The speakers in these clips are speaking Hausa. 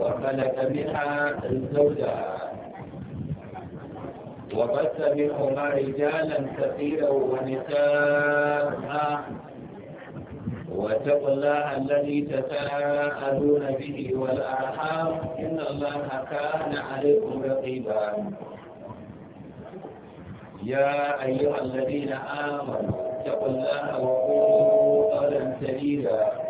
وخلق بها الزوجة وبث منهما رجالا كثيرا ونساء واتقوا الله الذي تساءلون به والارحام ان الله كان عليكم رقيبا يا ايها الذين امنوا اتقوا الله وقولوا قولا سديدا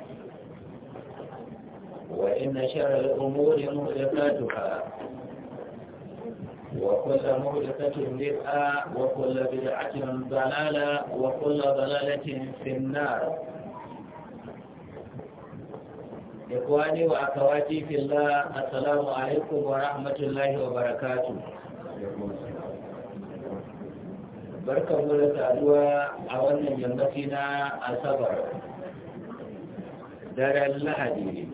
وإن شر الأمور مهدفاتها وكل مهدفة بدعة وكل بدعة ضلالة وكل ضلالة في النار إخواني وأخواتي في الله السلام عليكم ورحمة الله وبركاته barkan mu da saduwa a wannan yammaci na asabar daren lahadi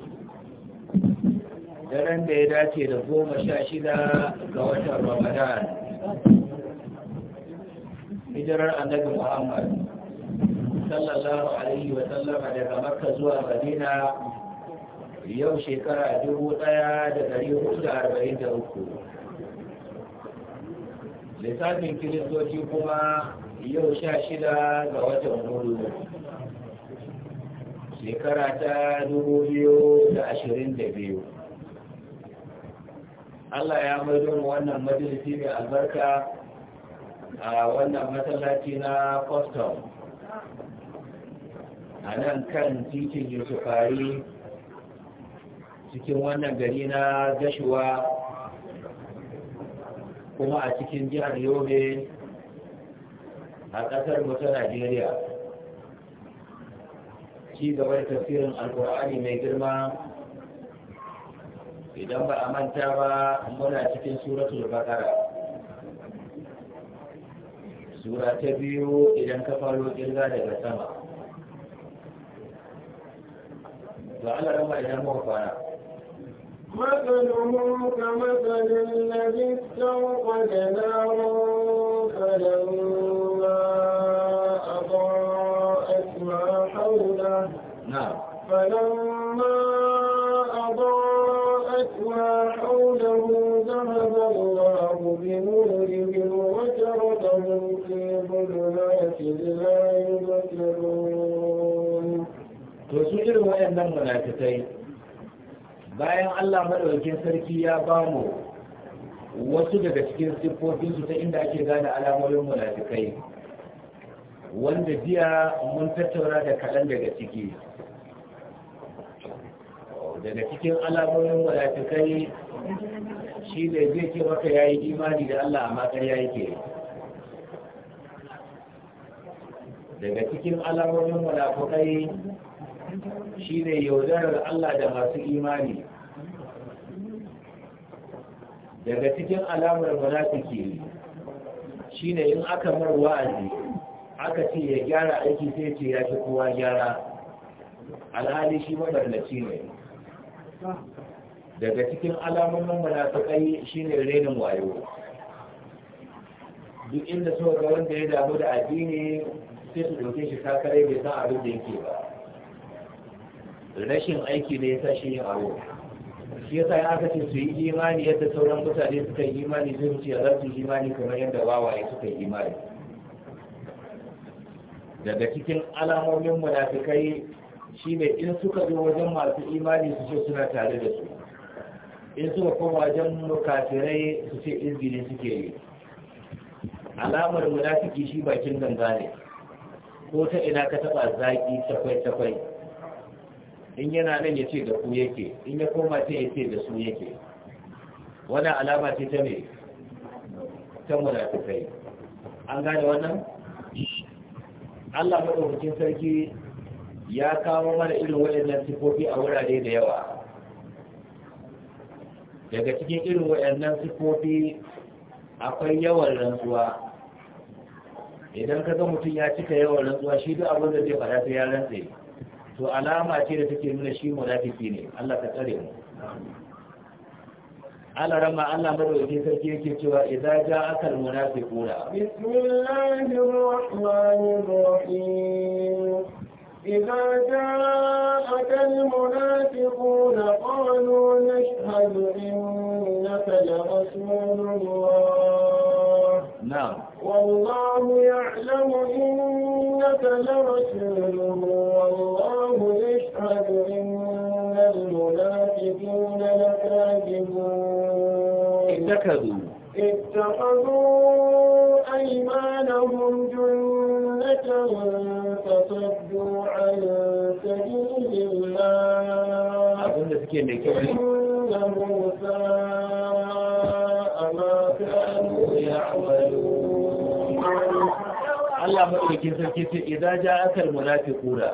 daren da ya dace da goma sha shida ga watan ramadan hijirar annabi muhammad sallallahu alaihi wa sallama daga makka zuwa madina yau shekara dubu ɗaya da dari hudu da arba'in da uku lissafin kiristoci kuma yau sha shida ga watan hudu shekara ta dubu biyu da ashirin da biyu Allah ya maido mu wannan majalisi mai albarka a wannan masallaci na Boston a nan kan titin Yusufari cikin wannan gari na gashuwa kuma a cikin jihar Yobe a ƙasar ta Najeriya ci gaba da tafiyar alkur'ani mai girma idan ba a manta ba muna cikin suratul baqara sura ta biyu idan ka faro kirga daga sama ba ala rama idan muka kwana مثله كمثل الذي استوقد نارا فلما أضاءت ما حوله نعم bayan Allah madaukakin sarki ya ba mu wasu daga cikin siffofin su ta inda ake gane alamomin munafikai wanda jiya mun tattauna da kaɗan daga ciki daga cikin alamomin munafikai shi ne zai ce maka yayi imani da Allah amma ya yayi ke daga cikin alamomin munafikai shi ne yaudarar Allah da masu imani daga cikin alamar munafiki shine in aka mar wa'azi aka ce ya gyara aiki sai ce ya fi kowa gyara alhali shi mabarnaci ne daga cikin alamomin munafikai shine renin wayo duk inda suka ga wanda ya damu da addini sai su ɗauke shi takarai bai san abin da yake ba rashin aiki ne ya sa shi yin abu shi yasa in aka ce su yi imani yadda sauran mutane suka yi imani zai ce za su yi imani kamar yadda wawaye suka yi imani daga cikin alamomin munafikai ne in suka zo wajen masu imani su ce suna tare da su in suka koma wajen mukafirai su ce izgili suke yi alamar munafiki shi bakin ganga ne ko ta ina ka taba zaki takwai takwai in yana nan ya ce da ku yake in ya koma ce ya ce da su yake wannan alama ce ta ne ta munafikai an gane wannan Allah madaukakin sarki ya kawo mana irin waɗannan sifofi a wurare da yawa daga cikin irin waɗannan sifofi akwai yawan rantsuwa idan ka ga mutum ya cika yawan rantsuwa shi duk abin da zai faɗa sai ya rantse to alama ce da take nuna shi munafiki ne Allah ka tsare mu Allah rama Allah madaukakin sarki yake cewa idza ja'aka almunafiquna bismillahir rahmanir rahim idza ja'aka almunafiquna qalu nashhadu innaka larasulullah na'am والله يعلم إنك لرسوله اتخذوا اتخذوا أيمانهم جنة فصدوا على سبيل الله أظن سكين لك إنه ساء ما كانوا يعملون Allah maɗaukin sarki sai idan ja akal munafiquna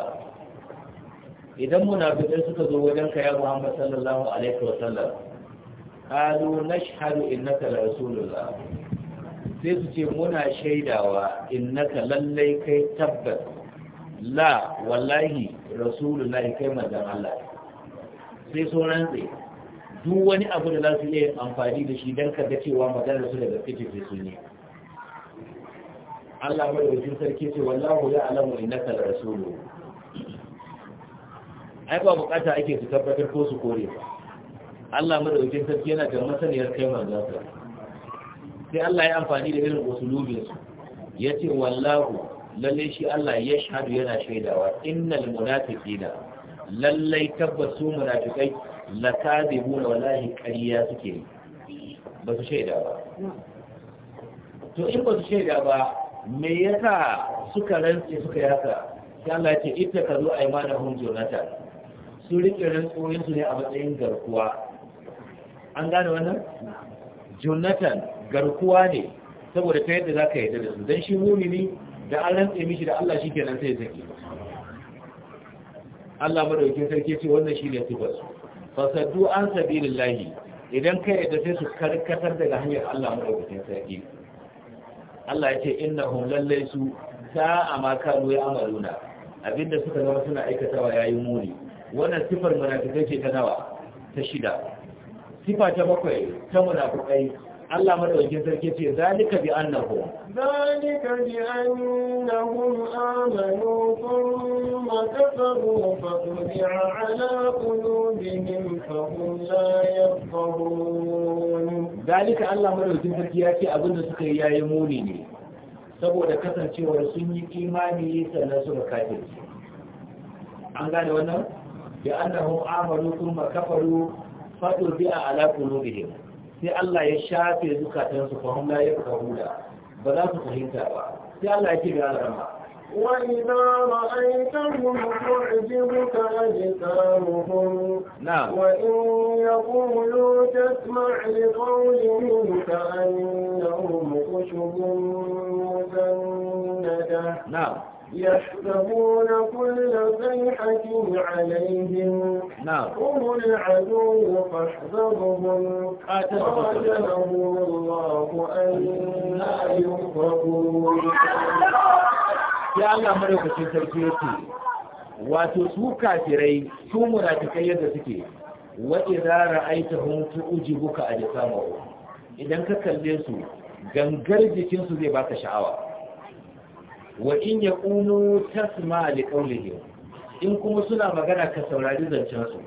idan munafiqai suka zo wajen ka ya Muhammad sallallahu alaihi wa sallam qalu nashhadu innaka la rasulullah sai su ce muna shaidawa innaka lallai kai tabbas la wallahi rasulullahi kai manzon Allah sai sauran tsaye duk wani abu da za su iya amfani da shi don kaga cewa maganar su daga fice sai su ne Allah mai wajen sarki ce wallahu ya alamu innaka rasulu ai ba bukata ake su tabbatar ko su kore ba Allah madaukakin sarki yana da masaniyar kai manzo sai Allah ya amfani da irin usulubin su yace wallahu lalle shi Allah ya shahadu yana shaidawa innal munafiqina lallai tabbasu munafiqai lakadibuna wallahi qariya suke ba su shaida ba to in ba su shaida ba me yasa suka rantse suka yasa? sai Allah ya ce ita ka zo jonata su riƙe rantsoyin su ne a matsayin garkuwa an gane wannan jonathan garkuwa ne saboda ta yadda za ka yi da su don shi mumini da an rantse mishi da allah shi ke nan sai zaki allah madaukin sarki ce wannan shi ne sifar fasaddu an sabi lillahi idan ka yadda sai su karkatar daga hanyar allah madaukin sarki allah ya ce inna hun lallai su sa'a ma kanu ya amaluna abinda suka zama suna aikatawa yayin muni wannan sifar munafikai ce ta nawa ta shida sifa ta bakwai ta munafukai Allah madaukakin sarki ce zalika bi annahu zalika bi annahum amanu thumma kafaru fa tubi'a ala qulubihim fa hum la yafqahun zalika Allah madaukakin sarki ya ce abinda suka yi yayi muni ne saboda kasancewar sun yi imani sannan suka kafirce an gane wannan bi annahum amanu thumma kafaru faɗo bi a alaƙo sai Allah ya shafe zukatansu fa hum ka yafqahuna ba za su fahimta ba sai Allah ya ce ga alama وإذا رأيتهم تعجبك أجسامهم نعم وإن يقولوا تسمع لقولهم كأنهم خشب مسندة نعم يحسبون كل صيحة عليهم هم العدو فاحذرهم قاتلهم الله لا يؤفكون يا الله مريكم تركيتي wato su kafirai su munafikai yadda suke wa idza ra'aytahum tu'jibuka ajsamuhum idan ka kalle su gangar jikin su zai baka sha'awa wa in ya umu tasma li qawlihi in kuma suna magana ka saurari su,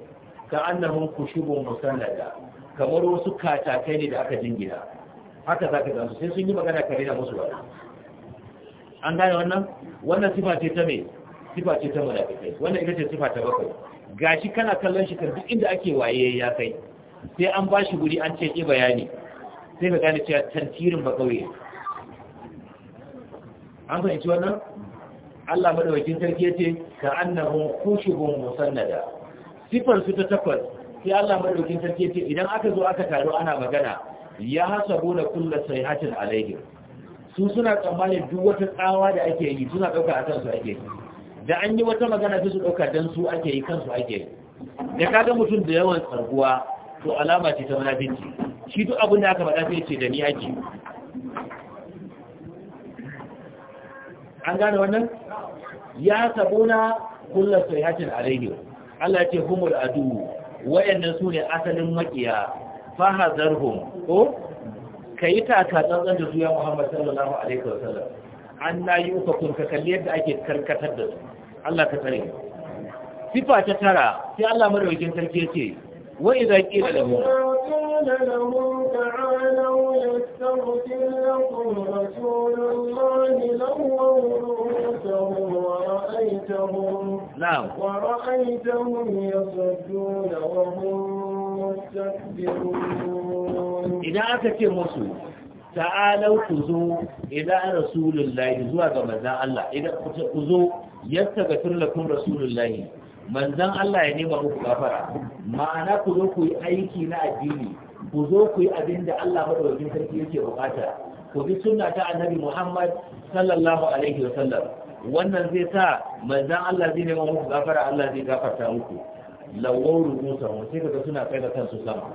ka annahun kushubun musannada kamar wasu katakai ne da aka jingina haka za ka gansu sai sun yi magana kare da musu ba. an gane wannan wannan sifa ce ta me sifa ce ta munafikai wannan ita ce sifa ta bakwai gashi kana kallon shi kan duk inda ake waye ya kai sai an bashi guri an ce ki bayani sai ka gane cewa tantirin ba kauye an fahimci wannan Allah madawakin sarki yace ce ka annahu kushubun musannada sifar su ta takwas sai Allah madawakin sarki yace idan aka zo aka taro ana magana ya kulla kullu sayhatin alayhi su suna tsammanin duk wata tsawa da ake yi suna dauka a kansu ake yi da an yi wata magana sai su dauka dan su ake yi kansu ake yi da kaga mutum da yawan tsarguwa to alama ce ta munafiki shi duk abin da aka faɗa sai ce da ni ake an gane wannan ya sabuna kullu sayhatin alaihi Allah ce humul adu wayannan su ne asalin makiya fahazarhum ko kai taka tsantsan da su ya Muhammad sallallahu alaihi wasallam an na yi uka kun ka kalli yadda ake karkatar da su Allah ka tsare sifa ta tara sai Allah madaukakin sarki ya ce wa idza qila lahum قيل لهم تعالوا يستغفر لكم رسول الله لووا رؤوسهم ورأيتهم ورأيتهم يصدون وهم مستكبرون إذا مسلم ta'alau ku zo ila rasulullahi zuwa ga manzan Allah idan ku zo yastaghfir lakum rasulullahi manzan Allah ya nema muku gafara ma'ana ku zo ku yi aiki na addini ku zo ku yi abin da Allah madaukakin sarki yake bukata ku bi sunna ta annabi Muhammad sallallahu alaihi wa sallam wannan zai sa manzon Allah zai nema muku gafara Allah zai gafarta muku lawon rubuta mu sai kaga suna kai da kansu sama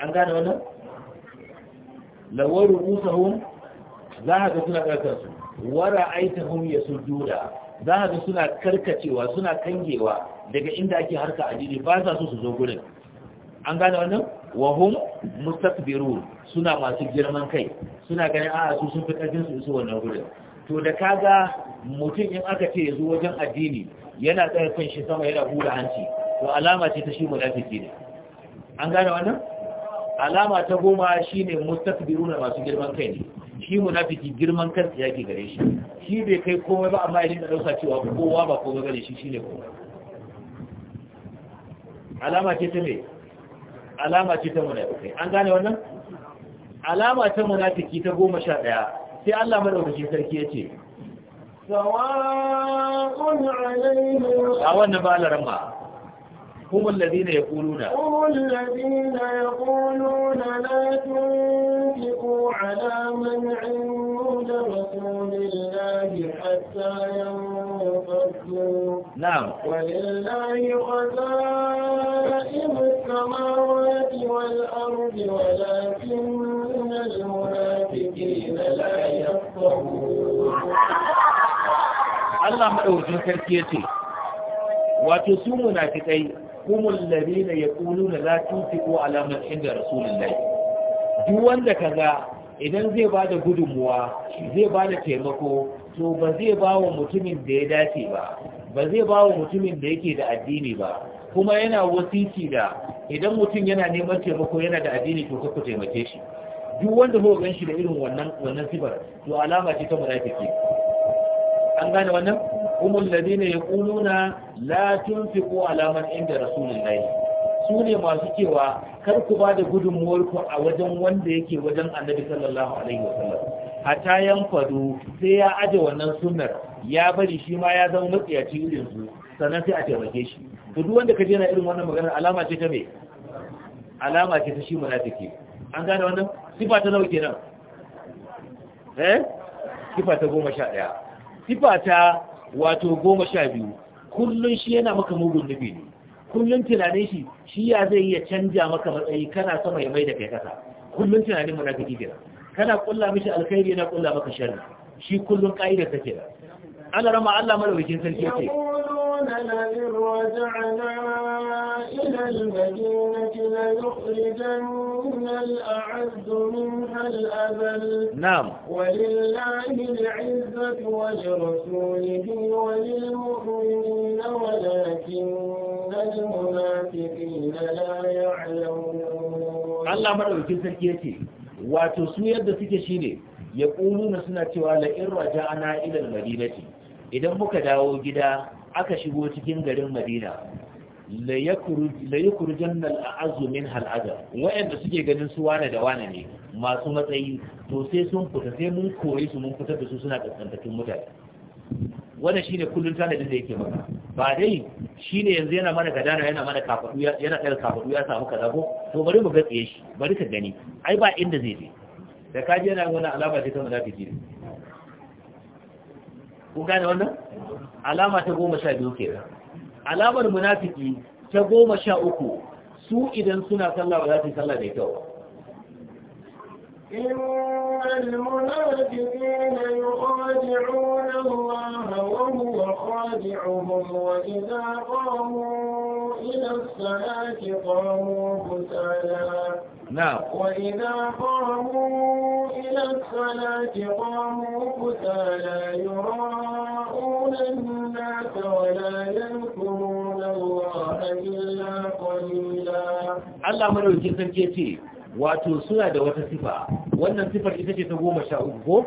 an gane wannan lawon rubuta mu za ka ga suna kai da kansu wara aitahum yasujjuda za ka ga suna karkacewa suna kangewa daga inda ake harka addini ba sa su su zo gurin an gane wannan wahum mustakbiru suna masu girman kai suna ganin a su sun fi ƙarfin su su wannan gurin to da kaga mutum in aka ce yazo wajen addini yana tsaya kan shi sama yana hura hanci to alama ce ta shi mulafiki ne an gane wannan alama ta goma shine na masu girman kai ne shi mulafiki girman kansa yake gare shi shi bai kai komai ba amma idan da dauka cewa kowa ba komai gare shi shine komai alama ce ta me alama ce ta munafiki an gane wannan alama ta munafiki ta goma sha ɗaya sai Allah madaukakin sarki ya ce a wannan ba ma هم الذين يقولون هم الذين يقولون لا تنفقوا على من عند رسول الله حتى نعم ولله غزائم السماوات والأرض ولكن المنافقين لا يفقهون الله مدوجين كركيتي wato su munafikai humul ladina yaquluna la tunfiqu alamar man inda rasulillahi duk wanda ga idan zai bada gudunmuwa zai ba da taimako to ba zai bawa mutumin da ya dace ba ba zai ba wa mutumin da yake da addini ba kuma yana wasiki da idan mutum yana neman taimako yana da addini to ku taimake shi duk wanda ko gan shi da irin wannan wannan sifar to alama ce ta munafiki an gane wannan umul ladina yaquluna la tunfiqu ala man inda rasulillahi Sune masu cewa kar ku ba da gudunmuwar ku a wajen wanda yake wajen annabi sallallahu alaihi wasallam hatta yan fadu sai ya aje wannan sunnar ya bari shi ma ya zama matsiyaci irin su sannan sai a taimake shi to duk wanda ka je na irin wannan maganar alama ce ta me alama ce ta shi munafiki an gane wannan sifa ta nawa nan eh sifa ta goma sha ɗaya sifa ta wato goma sha biyu kullum shi yana maka mugun nufi ne kullum tunanin shi shi ya zai iya canja maka matsayi kana sama ya mai da kai kasa kullum tunanin munafiki kenan kana kulla mishi alkhairi yana kulla maka sharri shi kullum ka'idar ta da. ana rama Allah madaukakin sarki yake إلى المدينة ليخرجن الأعز منها الأذل نعم ولله العزة ولرسوله وللمؤمنين ولكن المنافقين لا يعلمون الله مرة بكل تركيتي wato su yadda suke shine ya na suna cewa la'in raja ana madina ce, idan muka dawo gida aka shigo cikin garin madina la yi kurjan al'azu min hal'ada waɗanda suke ganin su wane da wane ne masu matsayi to sai sun fita sai mun koyi su mun fita da su suna ƙasƙantattun mutane shi shine kullum tana da yake maka ba dai Shi ne yanzu yana mana gadana yana mana kafaɗu yana tsayar kafaɗu, ya samu kaza ko to bari mu ga tsaye shi bari ka gani ai ba inda zai je da ka je wani alama ce ta munafiki ne ku gane wannan alama ta goma sha biyu kenan alamar munafiki ta goma sha uku su idan suna sallah ba za su sallah da kyau إن المنافقين يخادعون الله وهو خادعهم وإذا قاموا إلى الصلاة نعم وإذا قاموا إلى الصلاة قاموا كسالى يراءون الناس ولا يذكرون الله إلا قليلا الله من يجيكم كيتي wato suna da wata sifa wannan sifar ita ce ta goma sha uku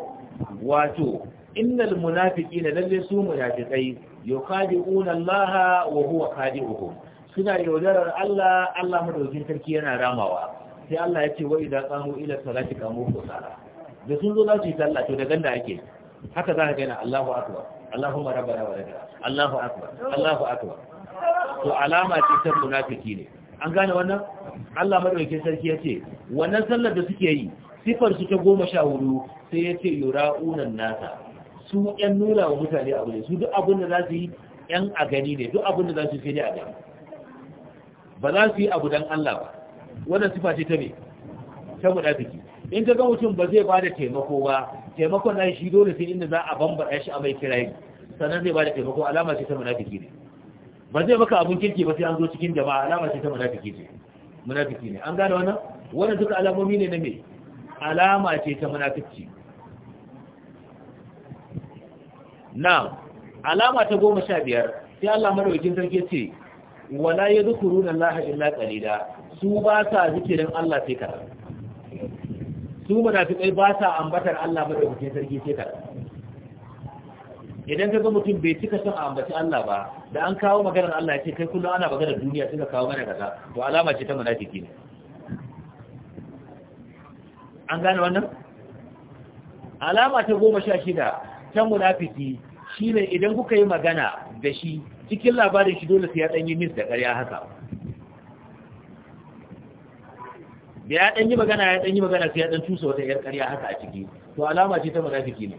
wato innal na lalle su munafiqai yukhadi'una Allah wa huwa khadi'uhum suna yaudarar Allah Allah madaukin sarki yana ramawa sai Allah ya ce wa idan qamu ila salati qamu kusala da sun zo za su yi sallah to da ganda ake haka za ka ga ina Allahu akbar Allahumma rabbana wa lakal Allahu akbar Allahu akbar to alama ce ta munafiki ne an gane wannan Allah madauke sarki ya ce wannan sallar da suke yi sifar su ta goma sha hudu sai ya ce yura'unan nasa su yan nuna wa mutane abu ne su duk abin da za su yi yan a gani ne duk abin da za su yi sai dai a gani ba za su yi abu dan Allah ba wannan sifa ce ta ne ta munafiki in ka ga mutum ba zai bada taimako ba taimakon nan shi dole sai inda za a bambara shi a mai kirayi sannan zai bada taimako alama ce ta munafiki ne ba zai maka abun kirki ba sai an zo cikin jama'a alama ce ta munafiki ce munafiki ne an gane wannan wannan duka alamomi ne na me alama ce ta munafiki na alama ta goma sha biyar sai Allah madaukakin sarki ce wala yadhkuruna Allah illa qalila su ba sa zikirin Allah sai kaza su munafikai ba sa ambatar Allah ba da madaukakin sarki sai kaza idan ka ga mutum bai cika son a ambaci Allah ba da an kawo maganar Allah ce kai kullum ana maganar duniya suka kawo mana kaza to alama ce ta munafiki ne an gane wannan alama ta goma sha shida ta munafiki shine idan kuka yi magana da shi cikin labarin shi dole sai ya danyi mis da ƙarya haka da ya ɗan yi magana ya ɗan yi magana sai ya ɗan cusa wata yar ƙarya haka a ciki to alama ce ta munafiki ne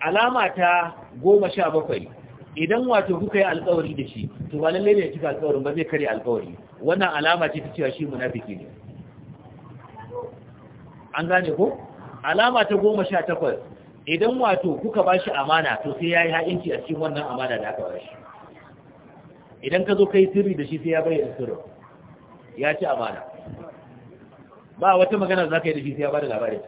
alama ta goma sha bakwai idan wato kuka yi alƙawari da shi to ba lalle ne ya cika alƙawarin ba zai karya alƙawari wannan alama ce ta cewa shi munafiki ne an gane ko alama ta goma sha takwas idan wato kuka ba shi amana to sai ya yi ha'inci a cikin wannan amana da aka ba shi idan ka zo ka yi sirri da shi sai ya bayyana sirri ya ci amana ba wata magana za ka yi da shi sai ya bada labarin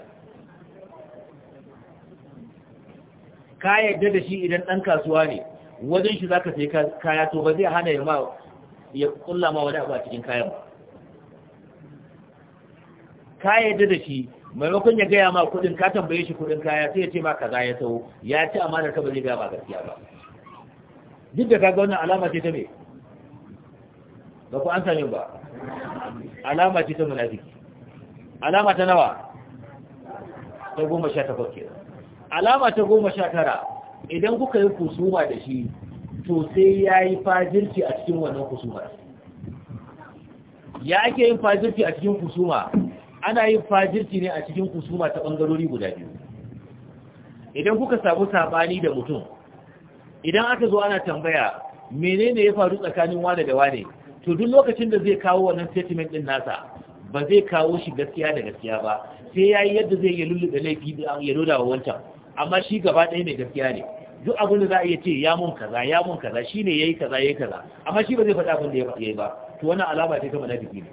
ka yadda da shi idan ɗan kasuwa ne wajen shi za ka sai kaya to ba zai hana ya kulla ma wani abu a cikin kayan ka yadda da shi maimakon ya gaya ma kudin ka tambaye shi kudin kaya sai ya ce ma kaza ya sau ya ci amana ka ba zai gaya ma gaskiya ba duk da ga wannan alama ce ta mai ba ku an sami ba alama ce ta munafiki alama ta nawa ta goma sha takwas ke alama ta goma sha tara idan kuka yi kusuma da shi to sai ya yi fajirci a cikin wannan kusuma ya ake yin fajirci a cikin kusuma ana yin fajirci ne a cikin kusuma ta ɓangarori guda biyu idan kuka samu saɓani da mutum idan aka zo ana tambaya menene ya faru tsakanin wane da wane to duk lokacin da zai kawo wannan statement din nasa ba zai kawo shi gaskiya da gaskiya ba sai yayi yadda zai ya lulluɓe laifi ya roda wa wancan amma shi gaba ɗaya mai gaskiya ne duk abin da za a iya ce ya mun kaza ya mun kaza shine yayi kaza yayi kaza amma shi ba zai faɗa abin da ya yi ba to wannan alama ce ta munafiki ne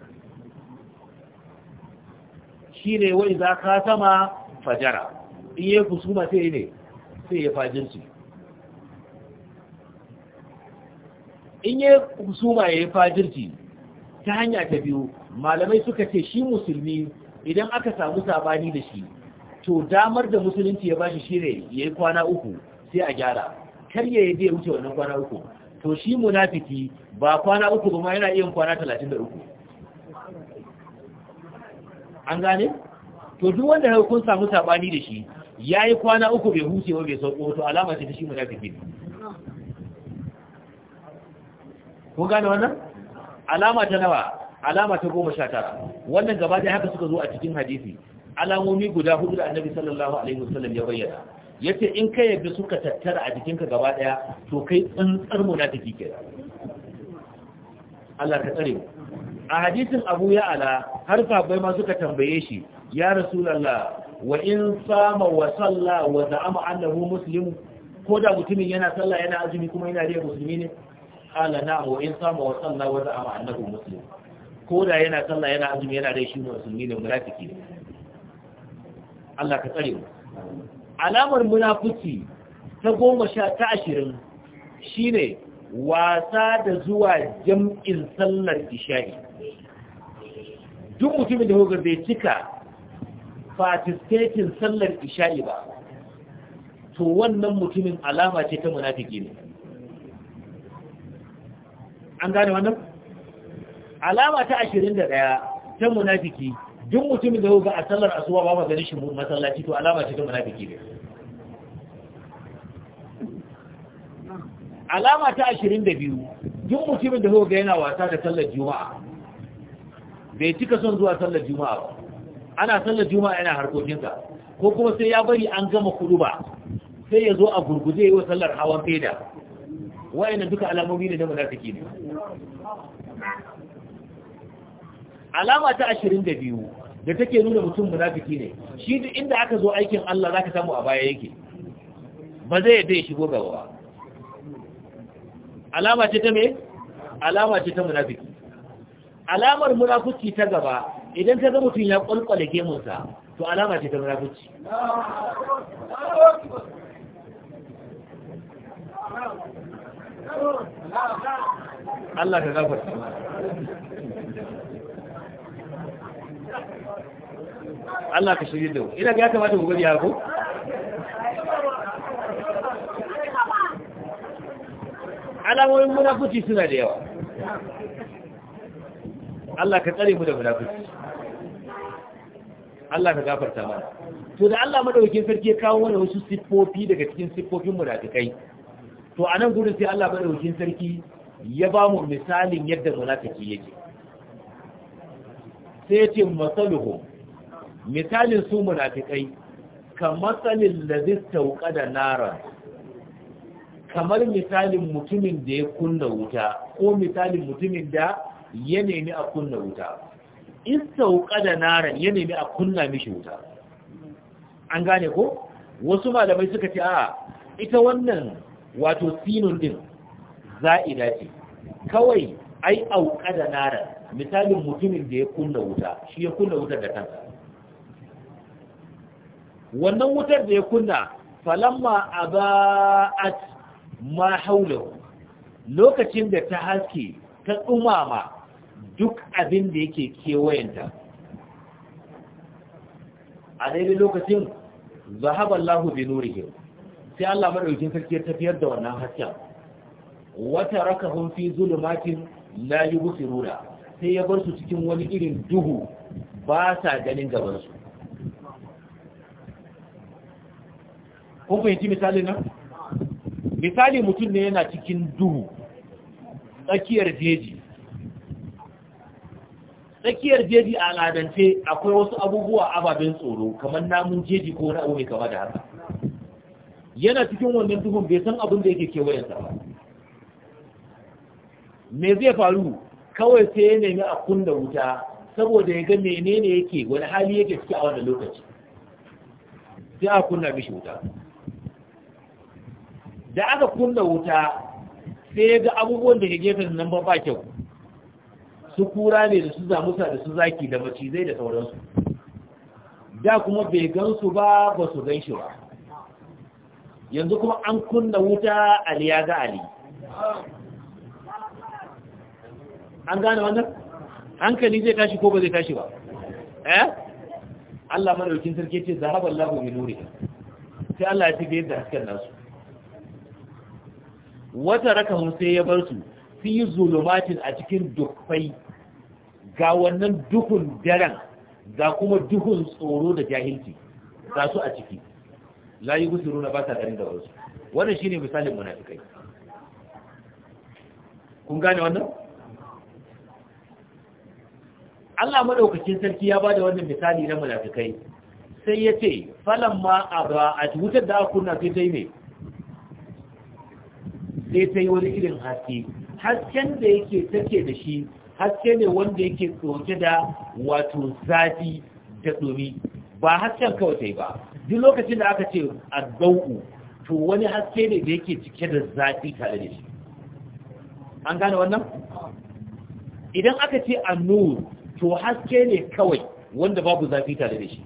shine wai za ka sama fajara in yayi kusuma sai ne sai ya fajinci in ya husuma ya yi fajirci ta hanya ta biyu malamai suka ce shi musulmi idan aka samu sabani da shi to damar da musulunci ya bashi shi ne ya yi kwana uku sai a gyara kar ya yi zai wuce wannan kwana uku to shi munafiki ba kwana uku ba ma yana iya kwana talatin da uku an gane to duk wanda ya kun samu sabani da shi ya yi kwana uku bai huce ba bai sauko to alama ce ta shi munafiki kun gane wannan alama ta nawa alama ta goma sha tara wannan gaba da haka suka zo a cikin hadisi alamomi guda hudu da annabi sallallahu alaihi wasallam ya bayyana yace in kai yabi suka tattara a jikinka gaba daya to kai tsantsar munafiki ke Allah ka tsare a hadisin Abu Ala har sabai ma suka tambaye shi ya rasulullah wa in sama wa salla wa za'ama annahu muslim ko da mutumin yana sallah yana azumi kuma yana da musulmi ne qala na'am wa in sama wa salla wa za'ama annahu muslim ko da yana sallah yana azumi yana dai shi musulmi ne munafiki Allah ka tsare mu alamar munafiki ta goma sha ta ashirin shine wasa da zuwa jam'in sallar isha'i duk mutumin da hogar bai cika participating sallar isha'i ba to wannan mutumin alama ce ta munafiki ne an gane wannan alama ta 21 ta munafiki duk mutumin da ga a sallar asuba ba ba ganin shi masallaci to alama ce ta munafiki ne alama ta 22 duk mutumin da ga yana wasa da sallar juma'a bai cika son zuwa sallar juma'a ba ana sallar juma'a yana harkokinsa ko kuma sai ya bari an gama kuduba ba sai ya zo a gurguje yi wa sallar hawan feda da duka alamomi ne na munafiki ne alama ta 22 da take nuna mutum munafiki ne shi duk inda aka zo aikin Allah zaka samu a baya yake ba zai yadda ya shigo gaba ba alama ce ta me alama ce ta munafiki alamar munafiki ta gaba idan ka ga mutum ya kwalkwale gemunsa to alama ce ta munafiki Allah ka gafarta Allah ka shirye da mu idan ya kamata mu gani ku? alamomin munafuci suna da yawa Allah ka tsare mu da munafuci Allah ka gafarta ba. to da Allah madaukakin sarki ya kawo mana wasu siffofi daga cikin siffofin munafikai to anan nan sai Allah madaukakin sarki ya ba mu misalin yadda munafiki yake sai ya ce masaluhu misalin su munafikai ka matsalin da zai da nara kamar misalin mutumin da ya kunna wuta ko misalin mutumin da ya nemi a kunna wuta in sauka da nara ya nemi a kunna mishi wuta an gane ko wasu malamai suka ce a ita wannan wato sinun din za'ida ce kawai ai auka da nara misalin mutumin da ya kunna wuta shi ya kunna wutar da kansa wannan wutar da ya kunna falamma aba'at ma haulahu lokacin da ta haske ta dumama duk abin da yake kewayenta a daidai lokacin zahaballahu bi nurihim sai Allah madaukakin sarki ya tafiyar da wannan hasken wata raka hun fi zulumatin la yubsiruna sai ya bar su cikin wani irin duhu ba sa ganin gaban su kun fahimci misali nan misali mutum ne yana cikin duhu tsakiyar jeji tsakiyar jeji a al'adance akwai wasu abubuwa ababen tsoro kamar namun jeji ko na'o abu mai kama da haka yana cikin wannan duhun bai san abin da yake kewayensa ba me zai faru kawai sai ya nemi a kunna wuta saboda ya ga menene yake wani hali yake ciki a wannan lokaci sai a kunna mishi wuta da aka kunna wuta sai ya ga abubuwan da ke gefen nan ba ba kyau su kura ne da su zamusa da su zaki da macizai da sauransu da kuma bai gansu ba ba su gan shi ba yanzu kuma an kunna wuta ali ya ga ali an gane wannan hankali zai tashi ko ba zai tashi ba eh Allah madaukin sarki ce zahaba Allahu bi nuri sai Allah ya da hasken nasu wata raka sai ya bar su fi zulumatin a cikin dukfai ga wannan duhun daren ga kuma duhun tsoro da jahilci ga su a ciki la yi gusuru na ba sa da wasu wannan shine misalin munafikai kun gane wannan Allah madaukakin sarki ya bada wannan misali na munafikai sai ya ce falamma ma a wutar da aka kunna sai ne sai ta wani irin haske hasken da yake take da shi haske ne wanda yake tsoke da wato zafi da domi ba hasken kawai sai ba duk lokacin da aka ce a addu'u to wani haske ne da yake cike da zafi tare da shi an gane wannan idan aka ce a annur to haske ne kawai wanda babu zafi tare da shi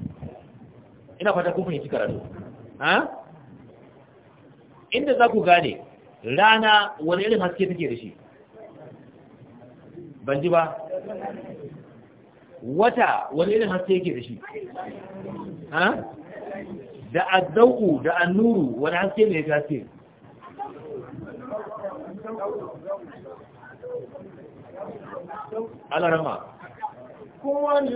ina fata kun fahimci karatu ha inda za ku gane rana wani irin haske take da shi ban ji ba wata wani irin haske yake da shi ha da azzauku da annuru wani haske ne ya haske alarama kuwan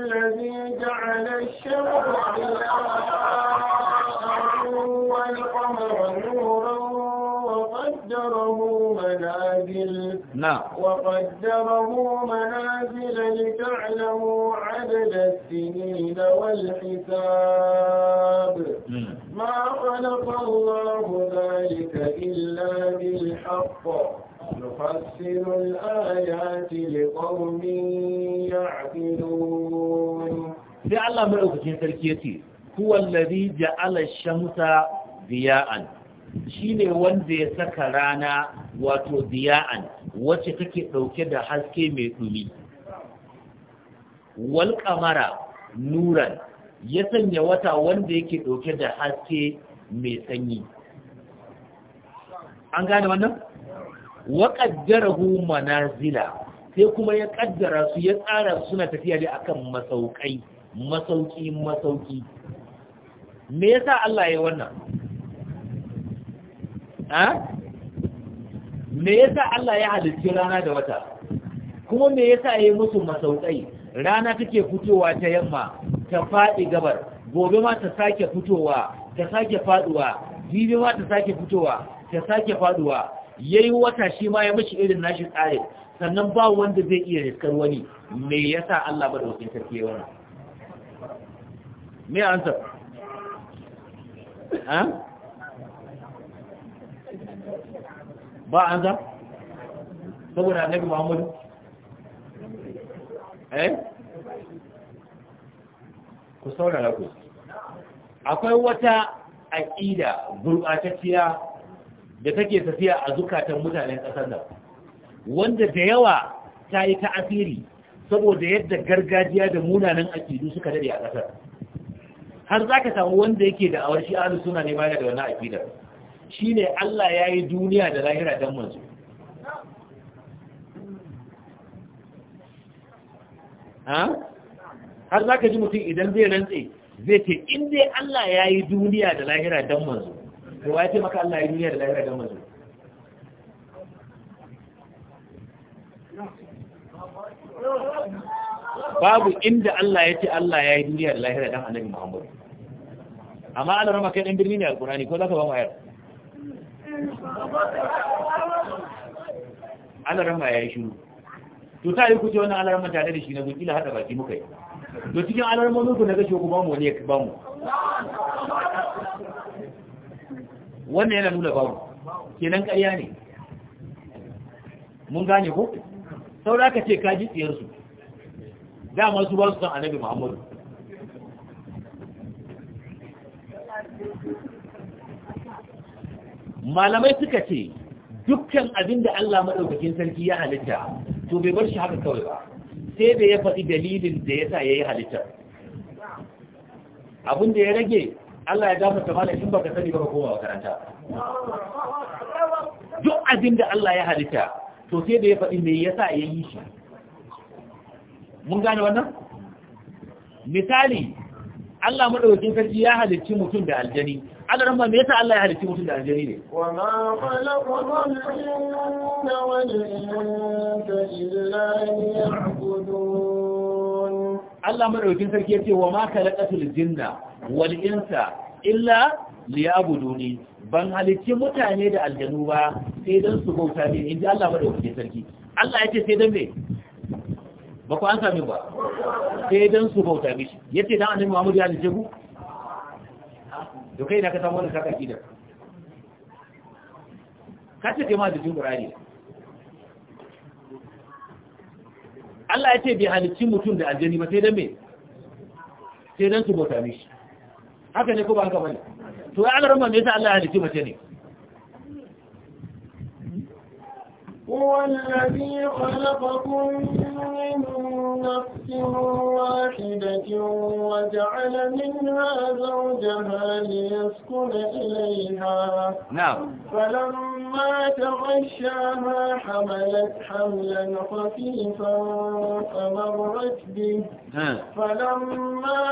وقدره منازل نعم وقدره منازل لتعلموا عدد السنين والحساب ما خلق الله ذلك إلا بالحق نفصل الآيات لقوم يعقلون في الله ملوك جنسر هو الذي جعل الشمس ضياءً shine wanda ya saka rana wato diya'an wacce take ɗauke da haske mai dumi wal nuran ya sanya wata wanda yake ɗauke da haske mai sanyi an gane wannan wa qaddarahu manazila sai kuma ya ƙaddara su ya tsara suna tafiya ne akan masauƙai masauƙi-masauƙi. me yasa Allah ya wannan me yasa Allah ya halarci rana da wata kuma me yasa yayi musu masauƙai rana take fitowa ta yamma ta faɗi gabar gobe ma ta sake fitowa ta sake faduwa jibi ma ta sake fitowa ta sake faduwa yayi wata shi ma ya mishi irin nashi tsare sannan ba wanda zai iya riskar wani me yasa Allah ba da wakin wannan ba an za saboda annabi muhammadu eh ku saurara ku akwai wata aƙida gurɓatacciya da take tafiya a zukatan mutanen ƙasar nan wanda da yawa ta yi ta asiri saboda yadda gargajiya da munanan aƙidu suka dade a ƙasar har za ka samu wanda yake da awar shi ahlus ne baya da wannan aƙidar shine Allah ya yi duniya da lahira don manzo har za ka ji mutum idan zai rantse zai ce in dai Allah ya yi duniya da lahira don manzo Ko ya ce maka Allah ya yi duniya da lahira don manzo babu inda Allah ya ce Allah ya yi duniya da lahira don annabi Muhammadu amma Allah rama kai ɗan birni ne alkurani ko za ka ba mu ayar alarama ya yi shiru to ta yi kuce wannan alarama tare da shi na zukila haɗa baki muka yi to cikin alarmomin ku na gashi ku bamu wani ya bamu wannan yana nuna mu kenan karya ne mun gane ko saura ka ce ka ji tsiyarsu dama su ba su san annabi muhammadu malamai suka ce dukkan abin da Allah maɗaukakin sarki ya halitta to bai bar shi haka kawai ba sai da ya faɗi dalilin da ya sa ya yi halitta abin da ya rage Allah ya gafarta mana in baka sani baka koma makaranta duk abin da Allah ya halitta to sai da ya faɗi me ya sa ya yi shi mun gane wannan misali Allah madaukakin sarki ya halicci mutum da aljani adaran ba me yasa Allah ya halicci mutum da aljani ne wa ma khalaqal jinna wal insa illa liya'budun Allah madaukakin sarki yace wa ma khalaqatul jinna wal insa illa liya'buduni ban halicci mutane da aljanu ba sai don su bauta ne inji Allah madaukakin sarki Allah ya ce sai don me ba ku an sami ba sai don su bauta mishi yace dan annabi Muhammad ya halice ku to kai na ka samu wannan saka kida ka ce kai ma da jin Qur'ani Allah ya ce bai halicci mutum da aljani ba sai don me sai don su bauta mishi haka ne ko ba haka bane to ya alarma me yasa Allah ya halicci mace ne هو الذي خلقكم من نفس واحدة وجعل منها زوجها ليسكن إليها نعم فلما تغشاها حملت حملا خفيفا فمرت به فلما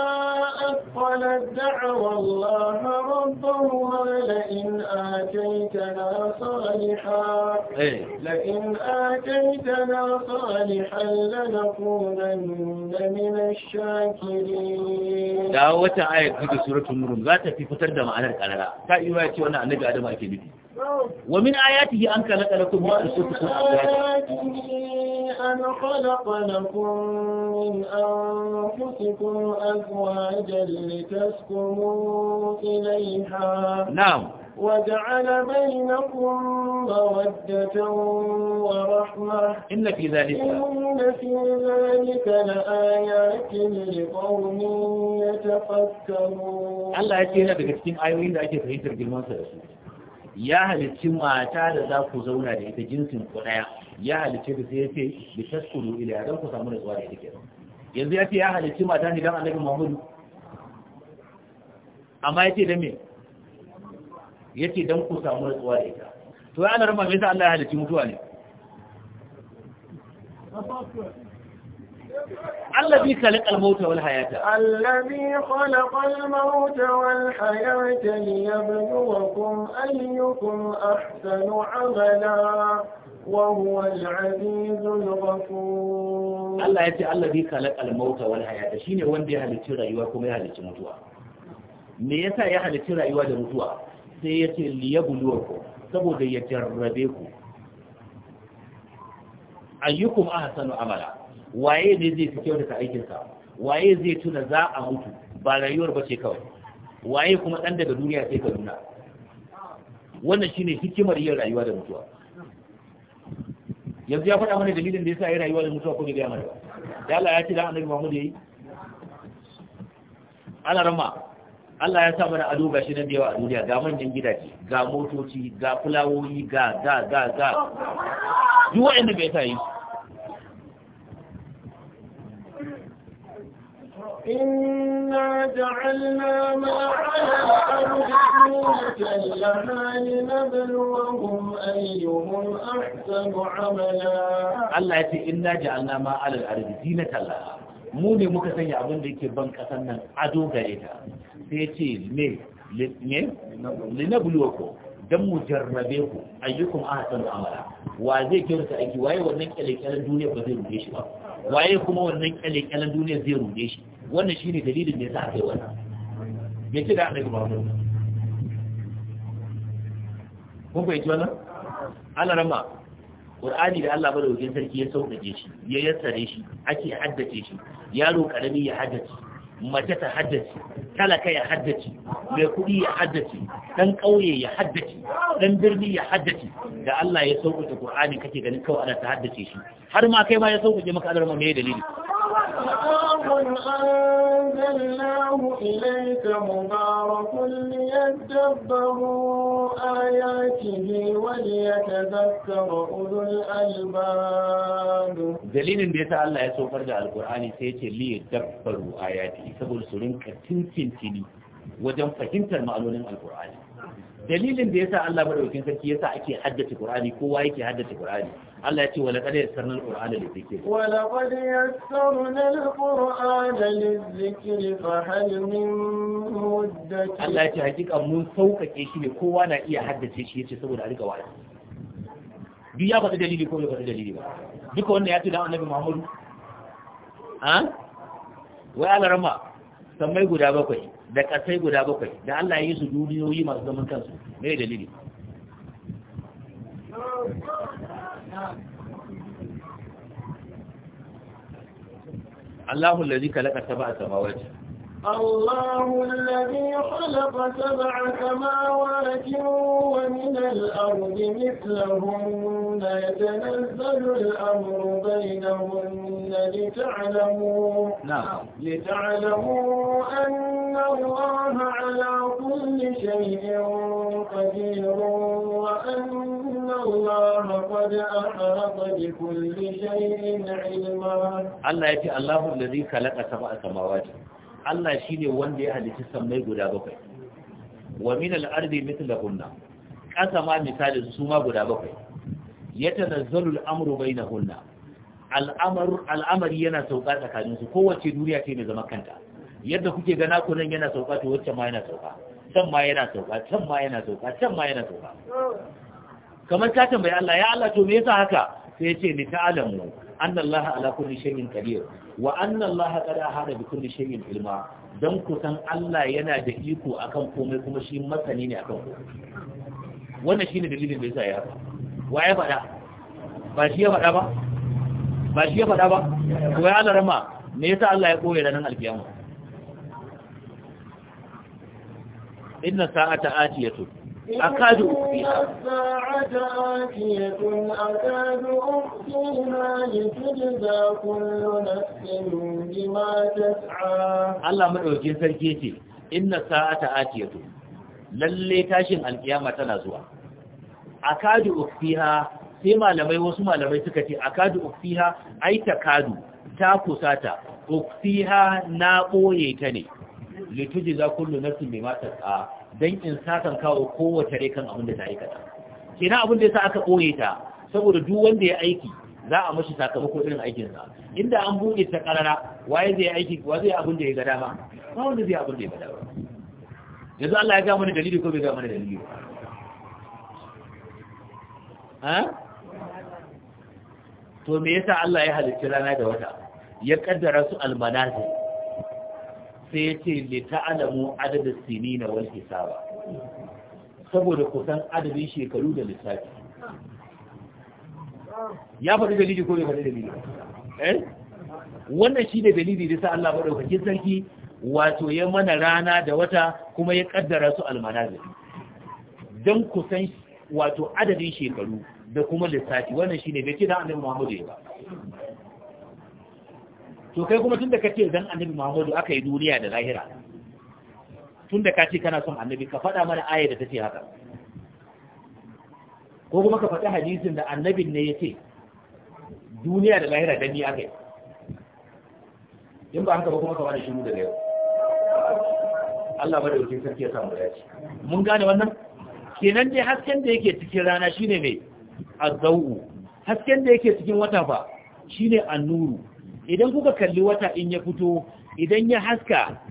أثقلت دعوى الله ربهما لئن آتيتنا صالحا إيه. لئن لئن آتيتنا صالحا لنكونن من الشاكرين da wata ayat daga suratul nur za ta fi fitar da ma'anar karara ta yi wa ce wannan annabi adam ake nufi wa min ayatihi an khalaqa lakum min anfusikum an lakum min anfusikum azwajan litaskunu ilayha na'am وجعل بينكم مودة ورحمة إن في ذلك إن في ذلك لآيات لقوم يتفكرون الله يتينا بكتين آيوين لأجي فهي ترجمان سرسل ya halicci mata da za ku zauna da ita jinsin ku daya ya halicci da sai ya ce bi taskuru ila dan ku samu nutsuwa da ita yanzu ya ce ya halicci mata ne amma ya ce dan me yace dan ku samu rutsuwa da ita to ya alarma me yasa Allah ya halicci mutuwa ne الذي خلق الموت والحياة الذي خلق الموت والحياة ليبلوكم أيكم أحسن عملا وهو العزيز الغفور الله يتي الذي خلق الموت والحياة شيني وندي هالتي رأيوا كم هالتي متوا me yasa ya halicci rayuwa da mutuwa sai ya ce ku saboda ya jarrabe ku ayyukum ahsanu amala waye ne zai fi kyautata aikinsa waye zai tuna za a mutu ba rayuwar ba ce kawai waye kuma dan daga duniya sai ka nuna wannan shine hikimar yin rayuwa da mutuwa yanzu ya faɗa mana dalilin da yasa yi rayuwa da mutuwa ko bai gaya mana ba da Allah ya ce da annabi Muhammad yayi ana rama Allah ya sa mana ado shi nan da yawa a duniya ga manyan gidaje ga motoci ga fulawoyi ga ga ga ga duk bai sa yi إنا جعلنا ما على الأرض زينة لها لنبلوهم أيهم أحسن عملا الله يقول إنا جعلنا mu ne muka sanya abin da yake ban kasan nan ado gare ta sai ce me ne ko dan mu jarrabe ku ayyukum ahsan amala wa zai ta aiki waye wannan kyalekyalen duniya ba zai rude shi ba waye kuma wannan kyalekyalen duniya zai rude shi wannan shine dalilin da yasa akai wannan me ce da annabi Muhammad kun fahimci wannan Allah rama Qur'ani da Allah wajen sarki ya sauƙaƙe shi ya yassare shi ake haddace shi yaro karami ya haddace mace ta haddace talaka ya haddace mai kuɗi ya haddace ɗan ƙauye ya haddace ɗan birni ya haddace da Allah ya sauƙaƙe Qur'ani kake ganin kawai ana ta haddace shi har ma kai ma ya sauƙaƙe maka alarma me dalili كتاب أنزلناه إليك مبارك ليتدبروا آياته وليتذكر أولو الألباب دليل بيت الله يسوفر ده القرآن سيتي ليتدبروا آياته سبول سورين كتنسين تني wajen fahimtar ma'anonin دليل dalilin da الله Allah madaukakin sarki يسا ake حدث qur'ani كوا yake حدث qur'ani Allah ya ce wa laqad yassarna al-Qur'ana lidh-dhikri wa laqad yassarna al-Qur'ana da dhikri fa hal min Allah ya ce hakika mun saukake shi ne kowa na iya haddace shi yace saboda a rika wa'azi duk ya faɗi dalili ko bai faɗi dalili ba duka wanda ya ce da Annabi Muhammadu a wai rama sammai guda bakwai da ƙasai guda bakwai da Allah ya yi su duniyoyi masu zaman kansu me dalili Allahu allazi khalaqa sab'a samawati Allahu allazi khalaqa sab'a samawati wa min al-ardi mithlahunna yatanazzalu al na baynahunna lita'lamu na'am lita'lamu anna Allaha 'ala Allah ya أحاط Allah شيء علما kalaka sama a الذي خلق Allah shi ne wanda ya halittu samai guda bakwai wa min al-ardi hunna, ƙasa ma misalin su ma guda bakwai Ya al-amru bainahunna al-amru al Al'amari yana sauka tsakanin su kowace duniya ce mai zama kanta yadda kuke gana ko nan yana sauka to wacce ma yana sauka can ma yana sauka can ma yana sauka can ma yana sauka kamar ta tambayi Allah ya Allah to me yasa haka sai ya ce ta alamu anna Allah ala kulli shay'in qadir wa anna Allah qad ahada bi kulli shay'in ilma dan ku san Allah yana da iko akan komai kuma shi masani ne akan komai wannan shine dalilin da yasa ya haka wa ya fada ba shi ya faɗa ba ba shi ya faɗa ba ko ya Allah rama me yasa Allah ya koyi ranan alkiyama inna sa'ata atiyatu أكاد أخفيها الله من أوجه إن الساعة آتية lalle tashin القيامة tana zuwa akadu ukfiha sai malamai wasu malamai suka ce akadu ukfiha ai takadu ta kusata ufiha na boye ta ne lituji za kullu nafsin bima tas'a dan in satan kawo kowace rai kan abin da ta aikata kina abin da yasa aka koye ta saboda duk wanda ya aiki za a mashi sakamako irin aikin sa inda an buɗe ta karara waye zai aiki wa zai abin da ya ga dama ba wanda zai abin da ya ga dama yanzu Allah ya ga mana dalili ko bai ga mana dalili ha to me yasa Allah ya halicci rana da wata ya kaddara su almanazir sai ya ce ta alamu adadin sini na wal saba, saboda kusan adadin shekaru da lissafi ya faɗi dalili ko bai faɗi dalili eh wannan shi ne dalili da sa Allah kake sarki wato ya mana rana da wata kuma ya ƙaddara su almanazir don kusan wato adadin shekaru da kuma lissafi wannan shi ne bai ce da annabi Muhammadu ya ba to kai kuma tunda ce zan annabi Muhammadu aka yi duniya da lahira tunda ce kana son annabi ka faɗa mana aya da take haka ko kuma ka faɗi hadisin da annabin ne yace duniya da lahira dan ni aka yi in ba haka ba kuma ka bada shiru daga yau Allah bada wakil sarki ya samu dace mun gane wannan kenan dai hasken da yake cikin rana shine mai azzau hasken da yake cikin wata fa shine annuru idan kuka kalli wata in ya fito idan ya haska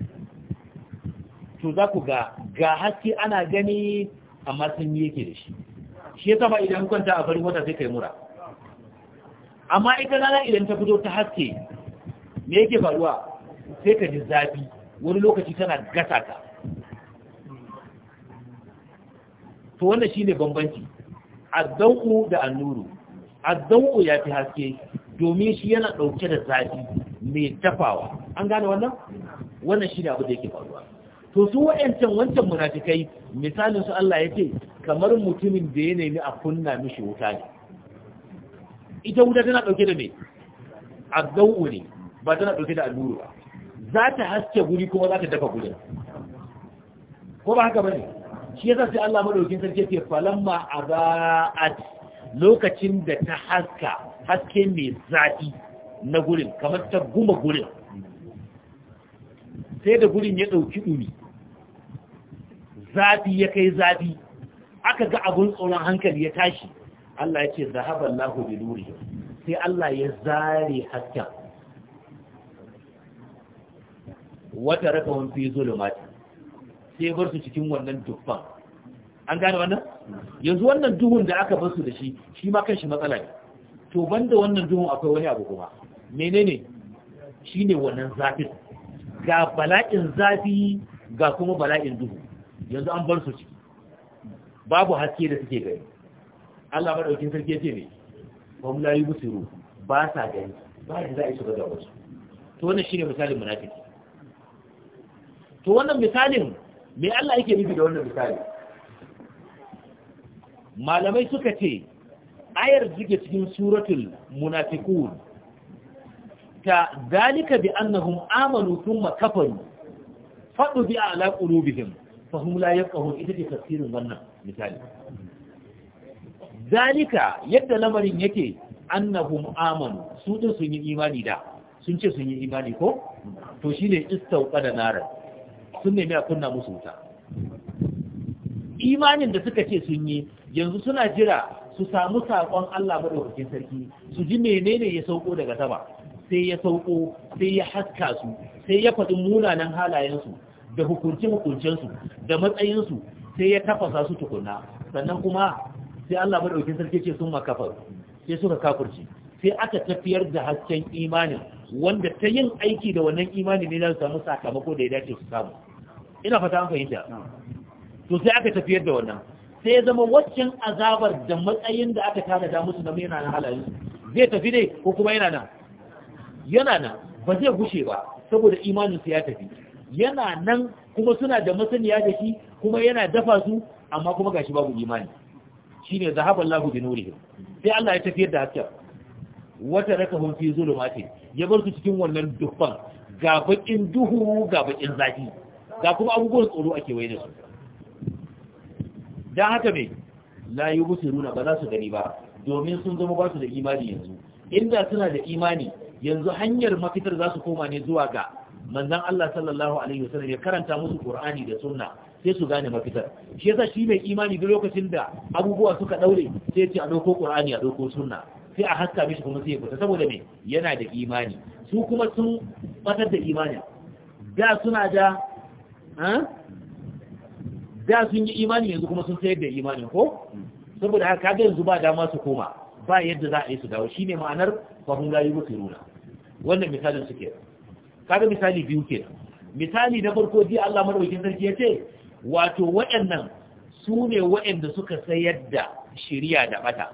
to za ku ga ga haske ana gani amma sun yi yake da shi shi ya saba idan kwanta a farin wata sai kai mura amma ita rana idan ta fito ta haske me yake faruwa sai ka ji zafi wani lokaci tana gasa ka to wannan shine bambanci addauku da annuru azzau'u ya fi haske domin shi yana ɗauke da zafi mai tafawa an gane wannan wannan shi ne abu da yake faruwa to su wa'yancan wancan munafikai misalin su Allah ya ce kamar mutumin da ya nemi a kunna mishi wuta ne ita wuta tana ɗauke da me. azzau'u ne ba tana ɗauke da alluru ba za ta haske guri kuma za ta dafa gudun ko ba haka ba ne shi yasa sai Allah madaukin sarki ya ce falamma azaat lokacin da ta haska haske mai zafi na gurin kamar ta guma gurin sai da gurin ya ɗauki ɗumi zafi ya kai zafi aka ga abun tsoron hankali ya tashi Allah ya ce zahabar lahu da nuri sai Allah ya zare hasken wata raka wani fi zulumati sai bar su cikin wannan dubban an gane wannan yanzu wannan duhun da aka basu da shi shi ma kanshi matsala ne to banda wannan duhun akwai wani abu kuma menene shine wannan zafin ga bala'in zafi ga kuma bala'in duhu yanzu an bar su ciki babu haske da suke gani Allah madaukin sarki yace ne wa mun layi yusiru ba sa gani ba da za a shiga da wasu to wannan shine misalin munafiki to wannan misalin me Allah yake nufi da wannan misalin? malamai suka ce ayar zige cikin suratul munafiqun ta dalika bi annahum amanu thumma kafaru fadu bi ala qulubihim fahum la yafqahun ita ce tafsirin wannan misali dalika yadda lamarin yake annahum amanu su din sun yi imani da sun ce sun yi imani ko to shine istauqa da nara sun nemi a kunna musu wuta imanin da suka ce sun yi yanzu suna jira su samu saƙon Allah madaukakin sarki su ji menene ya sauko daga sama sai ya sauko sai ya haska su sai ya faɗi munanan halayensu da hukunce-hukuncensu da matsayinsu sai ya tafasa su tukuna sannan kuma sai Allah madaukakin sarki ce sun makafar sai suka kafurci sai aka tafiyar da hasken imanin wanda ta yin aiki da wannan imani ne za su samu sakamako da ya dace su samu ina fata an fahimta to sai aka tafiyar da wannan sai ya zama waccan azabar da matsayin da aka da musu game yana na halayen zai tafi ne ko kuma yana na yana na ba zai gushe ba saboda imanin ya tafi yana nan kuma suna da masaniya da shi kuma yana dafa su amma kuma gashi babu imani shine "Lahu bi Nuri", sai Allah ya tafiyar da hasken wata raka rakahum fi zulumati ya bar su cikin wannan dukkan ga bakin duhu ga bakin zafi ga kuma abubuwan tsoro ake wai da su dan haka me la nuna ba za su gani ba domin sun zama ba su da imani yanzu inda suna da imani yanzu hanyar mafitar za su koma ne zuwa ga manzon Allah sallallahu alaihi wasallam ya karanta musu Qur'ani da Sunna sai su gane mafitar shi yasa shi mai imani duk lokacin da abubuwa suka daure sai ya ce a dauko Qur'ani a dauko Sunna sai a haska mishi kuma sai ya fita saboda me yana da imani su kuma sun batar da imani da suna da da sun yi imani yanzu kuma sun sayar da imani ko saboda haka ga yanzu ba dama su koma ba yadda za a yi su dawo shine ma'anar fahum ba kiruna wannan misalin suke kaga misali biyu ke misali na farko ji Allah madaukakin sarki yace wato waɗannan su ne waɗanda suka sayar da shari'a da bata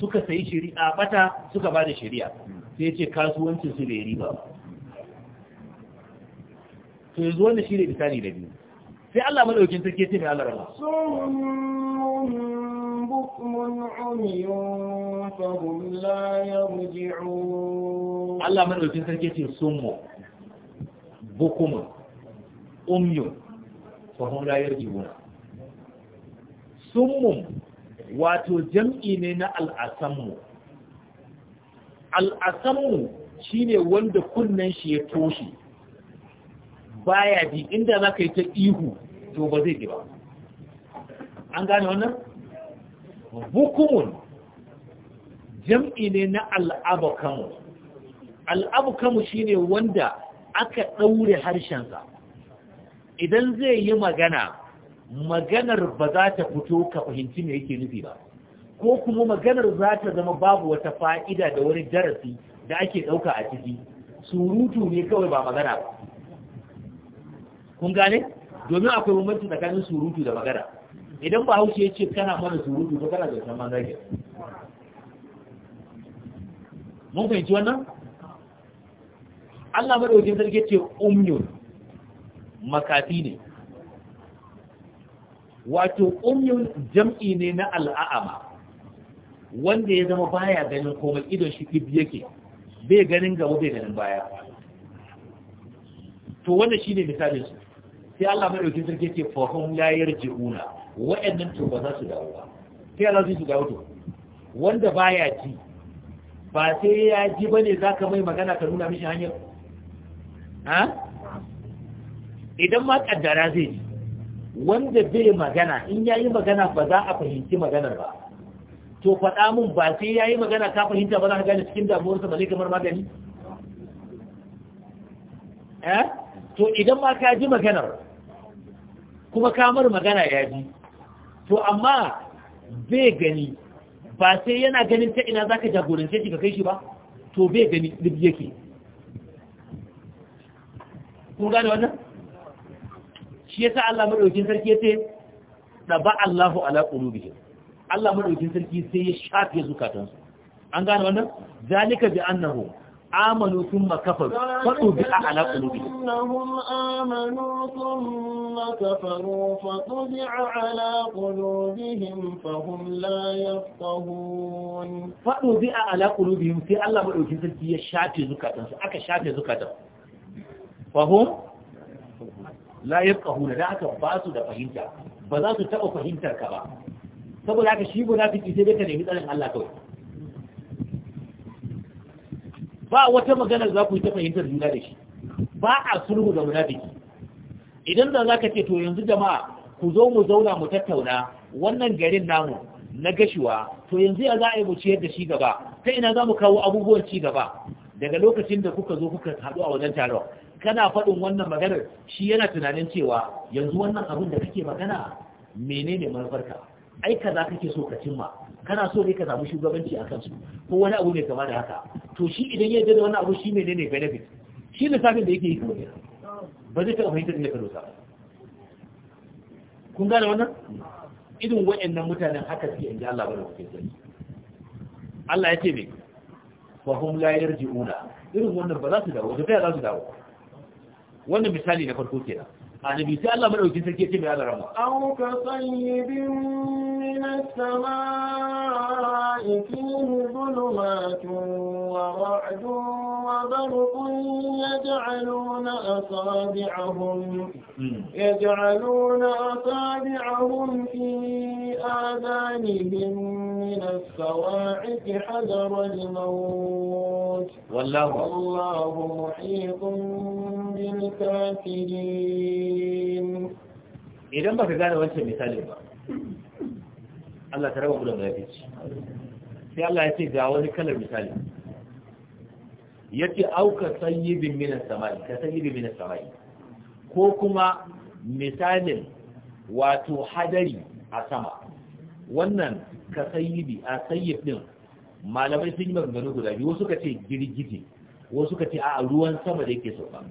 suka sayi shari'a bata suka ba da shari'a sai yace kasuwancin su bai riba to yanzu wannan shine misali da biyu sai Allah madaukin sarki ce mai Allah rama Allah madaukin sarki ce summu bukumun umyun fahim rayar jibuna summun wato jam'i ne na al'asanmu. Al'asanmu shi ne wanda kunnen shi ya toshe baya ji inda za ka yi ta ihu to ba zai ji ba an gane wannan Hukumun, jam'i ne na al'abukamu al'abukamu shi ne wanda aka ɗaure harshensa idan zai yi magana maganar ba za ta fito ka fahimci me yake nufi ba ko kuma maganar za ta zama babu wata fa'ida da wani darasi da ake ɗauka a ciki surutu ne kawai ba magana ba kun gane domin akwai mummanci tsakanin surutu da magana idan ba haushe ya ce kana mana surutu ko kana zancen manzage mun fahimci wannan Allah madaukin sarki ce umyun makafi ne wato umyun jam'i ne na al'a'ama wanda ya zama baya ganin komai idon shi ibi yake bai ganin gaba bai ganin baya to wanda shi ne misalin sai Allah mai dauki sarki ce fa hum yarji una wa'annan to ba za su dawo ba sai Allah zai su dawo to wanda baya ji ba sai ya ji bane zaka mai magana ka nuna mishi hanyar ha idan ma kaddara zai ji wanda bai magana in yayi magana ba za a fahimci maganar ba to faɗa mun ba sai yayi magana ka fahimta ba za ka gane cikin damuwarsa ba ne kamar magani eh to idan ma ka ji maganar kuma kamar magana ya ji to amma bai gani ba sai yana ganin ta ina zaka jagorance shi ka kai shi ba to bai gani duk yake kun gane wannan shi yasa Allah madaukakin sarki yace daba Allahu ala qulubihim Allah madaukakin sarki sai ya shafe zukatansu an gane wannan zalika bi annahu amanu sun makafar faɗo bi a alaƙulu bi. Faɗo bi a alaƙulu bi sai Allah maɗauki zafi ya shafe zukatansu, aka shafe zukatansu. Fahun? La ya ƙahu da aka ba su da fahimta, ba za su taɓa fahimtar ba. Saboda aka shi guda fi ƙi sai dai ka nemi tsarin Allah kawai. ba wata magana za ku yi ta fahimtar juna da shi ba a sulhu da munafiki idan da za ka ce to yanzu jama'a ku zo mu zauna mu tattauna wannan garin namu na gashiwa to yanzu ya za a yi mu ciyar da shi gaba ta ina za mu kawo abubuwan ci gaba daga lokacin da kuka zo kuka haɗu a wajen taron kana faɗin wannan maganar shi yana tunanin cewa yanzu wannan abin da kake magana menene manufarka ai kaza kake so ka cimma kana so ne ka samu shugabanci a kansu ko wani abu mai kama da haka to shi idan ya jada wani abu shi ne ne benefit shi lissafin da yake yi kuma ba zai taɓa fahimtar inda ka dosa kun gane wannan irin nan mutanen haka suke inda Allah bane kuke sani Allah ya ce me fa hum la yarji'una irin wannan ba za su dawo da za su dawo wannan misali na farko kenan annabi sai Allah madauki sarki ce mai Allah rama aw ka sayyibin min as-samaa'i fihi dhulumatun wa ra'dun wa barqun yaj'aluna asabi'ahum yaj'aluna asabi'ahum fi آذانهم من الصواعق حذر الموت والله والله محيط بالكافرين الرجيم إذا gane كان وانت ba, Allah ta raba gudun gafi ce sai Allah ya ce ga wani kalar misali ya ce auka sayyibin minas samai ka sayyibin minas samai ko kuma misalin wato hadari a sama wannan ka sayyibi a sayyib din malamai sun yi maganganu guda biyu wasu ka ce girgije wasu ka ce a ruwan sama da yake sauka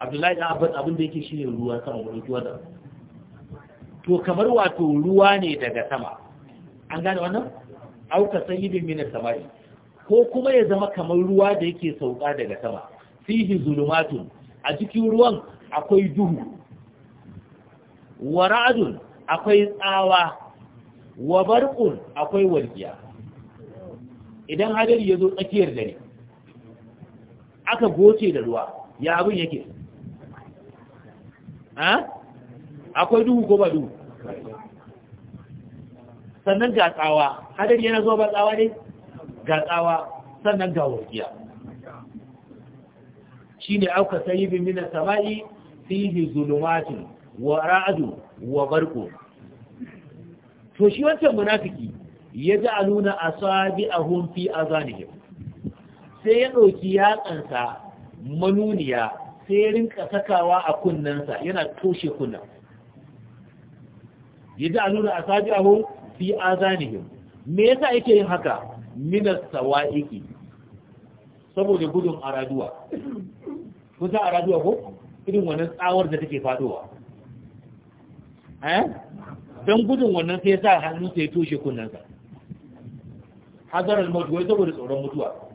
abdullahi ɗan abin abin da yake shine ruwa sama wani ruwa da to kamar wato ruwa ne daga sama an gane wannan auka sayyidin minar samai ko kuma ya zama kamar ruwa da yake sauka daga sama fihi zulumatun a cikin ruwan akwai duhu wa ra'dun akwai tsawa wa barqun akwai walqiya idan hadari yazo tsakiyar dare aka goce da ruwa ya abin yake ha akwai duhu ko ba duhu sannan ga tsawa hadari yana zuwa ba tsawa ne ga tsawa sannan ga Shi ne auka sayyibin min as-sama'i fihi zulumatun wa ra'adu wa barko to shi wancan munafiki a hunfi a zanihim sai ya ɗauki yatsansa manuniya sai rinka sakawa a kunnensa yana toshe kunnan yaji sabi ahu fi zanihin me yasa yake yin haka minas sawaiki saboda gudun araduwa Kusa araduwa ko irin wannan tsawar da take fadowa eh dan gudun wannan sai ya sa hannu sai toshe kunnensa hazarar mutuwa saboda tsoron mutuwa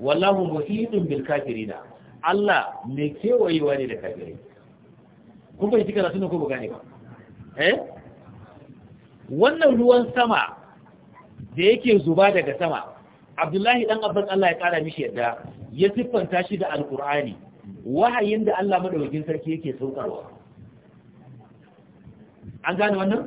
wallahu muhitun bil kafirina Allah mai kewayewa ne da kafirai kun bai cika rasu ko ba gane ba eh wannan ruwan sama da yake zuba daga sama Abdullahi dan Abbas Allah ya kara mishi yadda ya siffanta shi da Alƙur'ani, wahayin da Allah madaukakin sarki yake saukarwa an gane wannan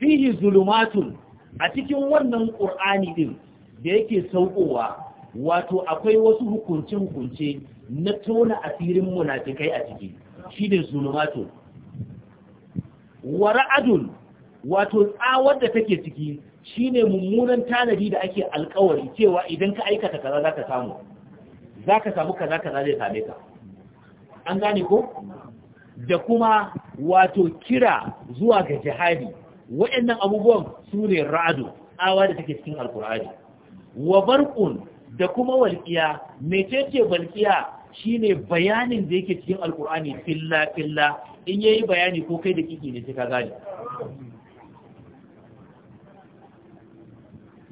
fihi zulumatun a cikin wannan Qur'ani din da yake saukowa wato akwai wasu hukunce-hukunce na tona asirin munafikai a ciki shi ne zulumato wara'adun wato tsawar da take ciki shi ne mummunan tanadi da ake alkawari cewa idan ka aikata kaza za ka samu za ka samu kaza kaza zai same ka an gane ko da kuma wato kira zuwa ga jihadi waɗannan abubuwan su ne ra'adu awa da take cikin alkur'ani wa barqun da kuma walƙiya mecece walƙiya shine bayanin da yake cikin alkur'ani filla filla in yayi bayani ko kai da kike ne sai ka gane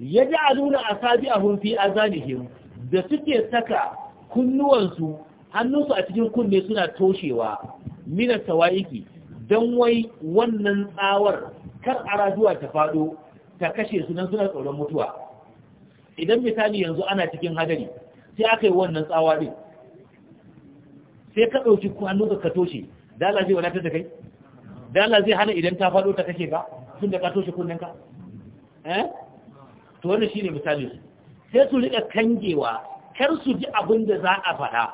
yaj'aluna asabi'ahum fi azanihim da suke saka kunnuwansu hannunsu a cikin kunne suna toshewa mina tawaiki dan wai wannan tsawar kar ara zuwa ta faɗo ta kashe su nan suna tsoron mutuwa idan misali yanzu ana cikin hadari sai aka yi wannan tsawa din sai ka ɗauki kwano ka ka toshe dala zai wadatar da kai dala zai hana idan ta faɗo ta kake ka tun da ka toshe ka eh to wannan shine misali sai su rika kangewa kar su ji abin da za a faɗa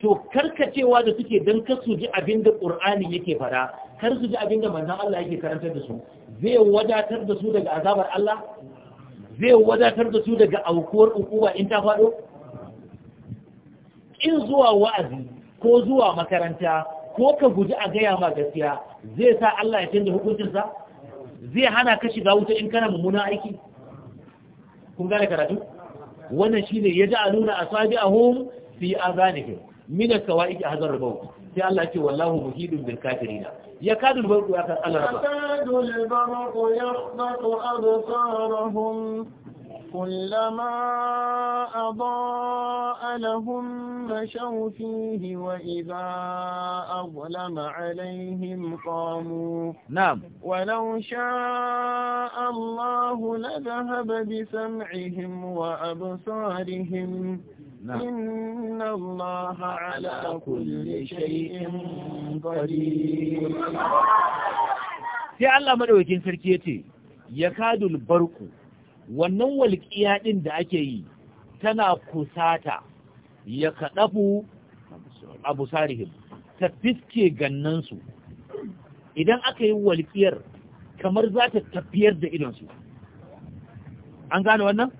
to karkacewa da suke don kar su ji abin da qur'ani yake faɗa kar su ji abin da manzon Allah yake karantar da su zai wadatar da su daga azabar Allah zai wadatar da su daga aukuwar ukuwa in ta faɗo in zuwa wa'azi ko zuwa makaranta ko ka guji a gaya ma gaskiya zai sa Allah ya canza hukuncinsa zai hana ka shiga wuta in kana mummuna aiki kun gane karatu wannan shine ya a asabi'ahum fi azanihim min as-sawa'iq hazar rabu sai Allah ce wallahu muhidun bil kafirin ya kadu kadul barqu ya kan Allah ba kadul barqu yakhbatu absarahum كلما أضاء لهم مشوا فيه وإذا أظلم عليهم قاموا نعم ولو شاء الله لذهب بسمعهم وأبصارهم إن الله على كل شيء قدير sai Allah madaukakin sarki ce, ya kadul barku wannan walƙiya din da ake yi tana kusata ya kadafu abu sarihim ta fiske gannansu idan aka yi walƙiyar kamar za ta tafiyar da idonsu an gane wannan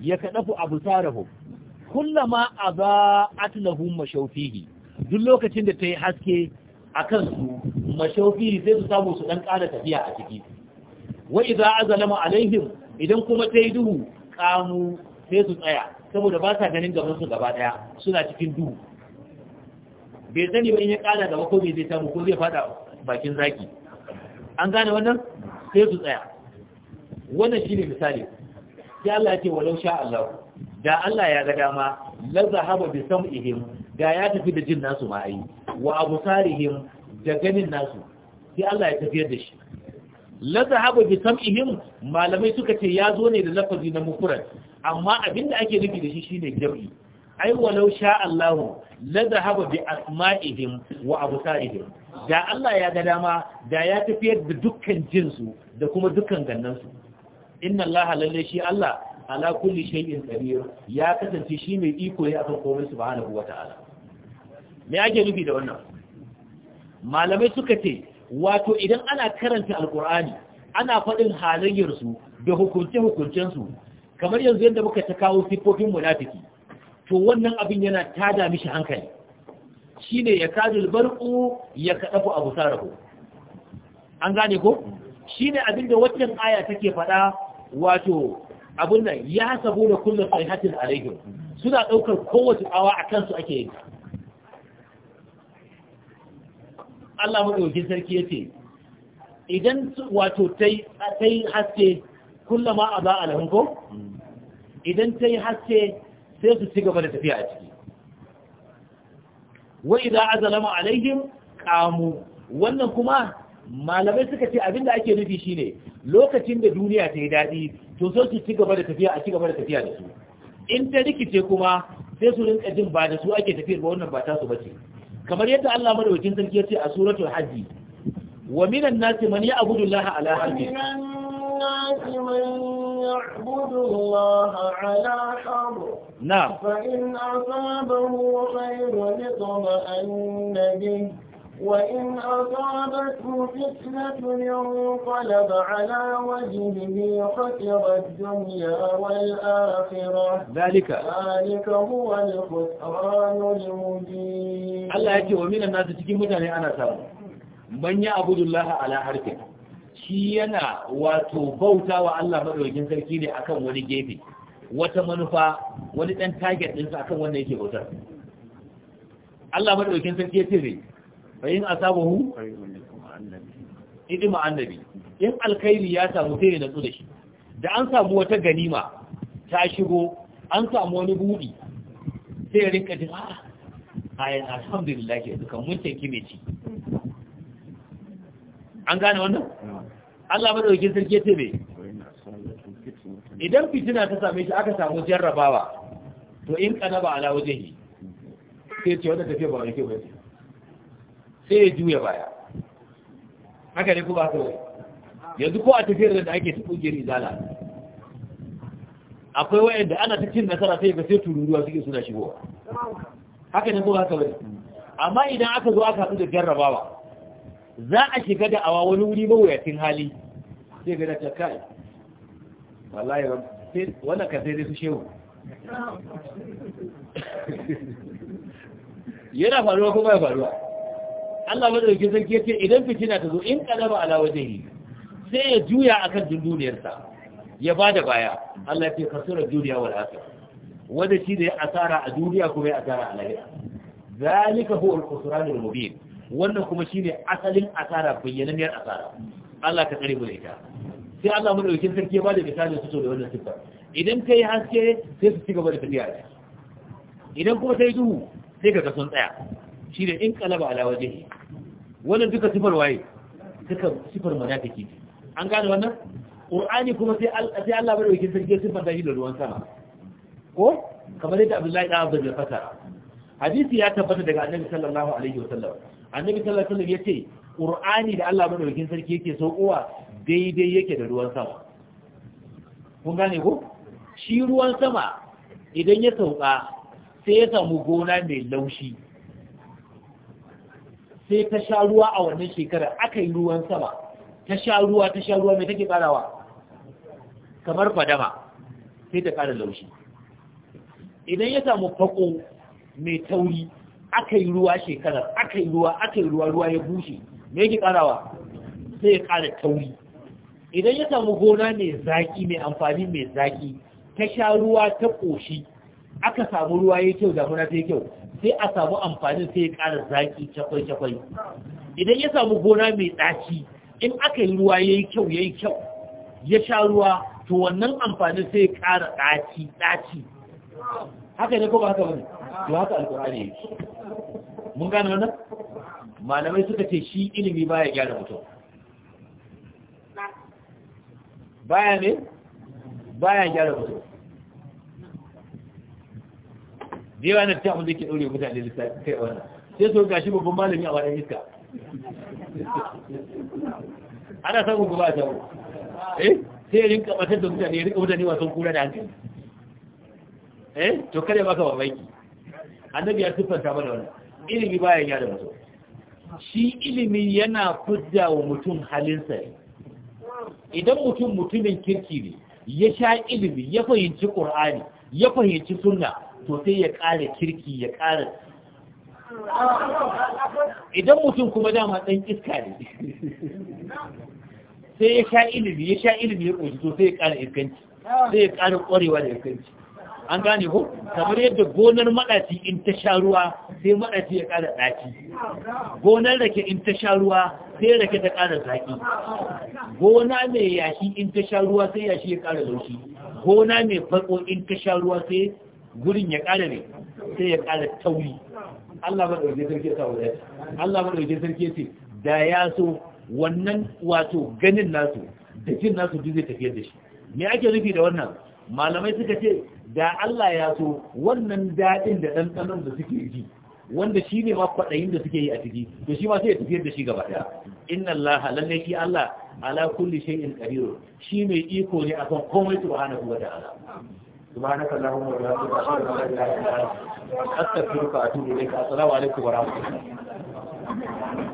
ya kadafu abu sarihim kullama aba atlahum mashaufihi duk lokacin da ta yi haske a kansu mashaufihi sai su samu su ɗan ƙara tafiya a ciki wa a zalama alaihim idan kuma ta yi duhu ƙanu sai su tsaya saboda ba sa ganin gaban su gaba ɗaya, suna cikin duhu bai sani ba in ya ƙara gaba ko bai zai samu ko zai fada bakin zaki an gane wannan sai su tsaya wannan shine misali sai Allah ya ce walau sha Allah da Allah ya ga dama la zahaba bi sam'ihim da ya tafi da jin nasu ma ayi wa absarihim da ganin nasu sai Allah ya tafiyar da shi la zahaba bi sam'ihim malamai suka ce ya zo ne da lafazi na mufrad amma abinda ake nufi da shi shine jam'i ai walau sha Allahu la zahaba bi asma'ihim wa absarihim da Allah ya ga dama da ya tafiyar da dukkan jinsu da kuma dukkan gannansu inna Allah lalle shi Allah ala kulli shay'in kabir ya kasance shi mai iko ne akan komai subhanahu wata'ala me ake nufi da wannan malamai suka ce wato idan ana karanta alqur'ani ana faɗin halayyar su da hukunce hukuncen su kamar yanzu yadda muka ta kawo sifofin munafiki to wannan abin yana tada mishi hankali shine ya kadul barqu ya kadafu abusarahu an gane ko shine abin da wannan aya take faɗa wato Abin nan ya sabo da kullum a alaihim suna ɗaukar kowace tsawa a kansu ake yi Allah maɗaukin sarki ya ce idan wato ta yi haske kullama a za a lahunko idan ta yi haske sai su ci gaba da tafiya a ciki wa idan azalama alaihim kamu wannan kuma malamai suka ce abinda ake nufi shine lokacin da duniya ta yi daɗi to so su ci gaba da tafiya a ci gaba da tafiya da su in ta rikice kuma sai su rinka jin ba da su ake tafiyar ba wannan ba ta su bace kamar yadda Allah madaukakin sarki ya ce a suratul hajji wa minan nasi man ya'budu Allah ala harfi يعبد الله على حرب نعم فإن أصابه خير اطمأن به وإن أصابته فتنة انقلب على وجهه خسر الدنيا والآخرة ذلك ذلك هو الخسران المبين الله يأتي ومن الناس تجي مجاني أنا سامو من يعبد الله على حركه shi yana wato bauta wa Allah madaukakin sarki ne akan wani gefe wata manufa wani dan target ɗinsa akan wannan yake bautar Allah madaukakin sarki ya ce fa in asabahu hidima annabi in alkhairi ya samu sai ya natsu da shi da an samu wata ganima ta shigo an samu wani buɗi sai ya rinka jin ah ayi alhamdulillah ke dukan mun tanki mai ci an gane wannan Allah madaukakin sarki ya ce me idan fitina ta same shi aka samu jarrabawa to in kana ba ala wajehi sai ce wanda tafiya ba mai kyau ba sai ya juya baya haka ne kuma haka yanzu ko a tafiyar da ake ta kungiyar zala akwai wayanda ana ta cin nasara sai ga sai tururuwa suke suna shigowa haka ne kuma haka bane amma idan aka zo aka haɗu da jarrabawa za a shiga da awa wani wuri mawuyacin hali sai ga dace kai wallahi ba wanda ka sai su shehu yana faruwa kuma ya faruwa Allah madaukakin sarki yace idan fitina ta zo in qalaba ala wajhi sai ya juya akan dunduniyarsa ya bada baya Allah yace kasura duniya wal akhirah wanda shi da ya asara a duniya kuma ya asara a lahira zalika huwa al-khusran al-mubin wannan kuma shine asalin asara bayyananniyar asara Allah ka tsare mu da ita sai Allah mu dauki sarki ba da misalin su da wannan sifa idan kai haske sai su cigaba da tafiya idan kuma sai duhu sai ka ga sun tsaya shi da in kalaba ala waje wannan duka sifar waye duka sifar munafiki an gane wannan qur'ani kuma sai sai Allah bai dauke sarki sifar da shi da ruwan sama ko kamar yadda Abdullahi da Abdul Fatar hadisi ya tabbata daga Annabi sallallahu alaihi wasallam Annabi sallallahu alaihi wasallam yace qur'ani da Allah bai wuce sai yake saukowa daidai yake da ruwan sama kun gane ko shi ruwan sama idan ya sauka sai ya samu gona mai laushi sai ta sha ruwa a wannan shekarar aka yi ruwan sama ta sha ruwa ta sha ruwa mai take karawa kamar fadama sai ta kara laushi idan ya samu fako mai tauri aka yi ruwa shekarar aka yi ruwa aka yi ruwa ruwa ya bushe me yake karawa sai ya kara tauri idan ya samu gona mai zaki mai amfani mai zaki ta sha ruwa ta koshi aka samu ruwa ya kyau damuna ta kyau sai a samu amfani sai ya ƙara zaƙi cakwai-cakwai idan ya samu gona mai ɗaci in aka yi ruwa ya yi kyau ya yi kyau ya sha ruwa to wannan amfani sai ya ƙara ɗaci ɗaci haka ne ko ba haka ba ne to haka ya yake mun gane wannan malamai suka ce shi ilimi baya gyara mutum baya ne baya gyara mutum da yawa na ta abin da ke ɗaure mutane littafi kai wannan sai su gashi babban malami a wadan iska ana samun ba a samu eh sai ya rinka matar da mutane ya rinka mutane wasan kura da hankali eh to kare baka mamaki annabi ya siffanta mana wannan ilimi bayan ya da mutum shi ilimi yana kudda wa mutum halinsa idan mutum mutumin kirki ne ya sha ilimi ya fahimci ƙur'ani ya fahimci sunna to sai ya ƙara kirki ya ƙara idan mutum kuma dama ɗan iska ne sai ya sha ilimi ya sha ilimi ya ƙoshi to sai ya ƙara iskanci sai ya ƙara ƙwarewa da iskanci an gane ko kamar yadda gonar maɗaci in ta sha ruwa sai maɗaci ya ƙara ɗaci gonar rake in ta sha ruwa sai rake ta ƙara zaƙi gona mai yashi in ta sha ruwa sai yashi ya ƙara laushi gona mai farko in ta sha ruwa sai gurin ya ƙara ne sai ya ƙara tauri Allah maɗauke sarki sa wadata Allah maɗauke sarki ya ce da ya so wannan wato ganin nasu da jin nasu duk zai tafiyar da shi me ake nufi da wannan malamai suka ce da Allah ya so wannan daɗin da ɗanɗanon da suke ji wanda shi ne ma kwaɗayin da suke yi a ciki to shi ma sai ya tafiyar da shi gaba ɗaya inna Allah lallai shi Allah ala kulli shay'in qadir shi mai iko ne akan komai subhanahu wa ta'ala سبحانك اللهم وبحمدك اشهد ان لا اله الا انت استغفرك واتوب اليك السلام عليكم ورحمه الله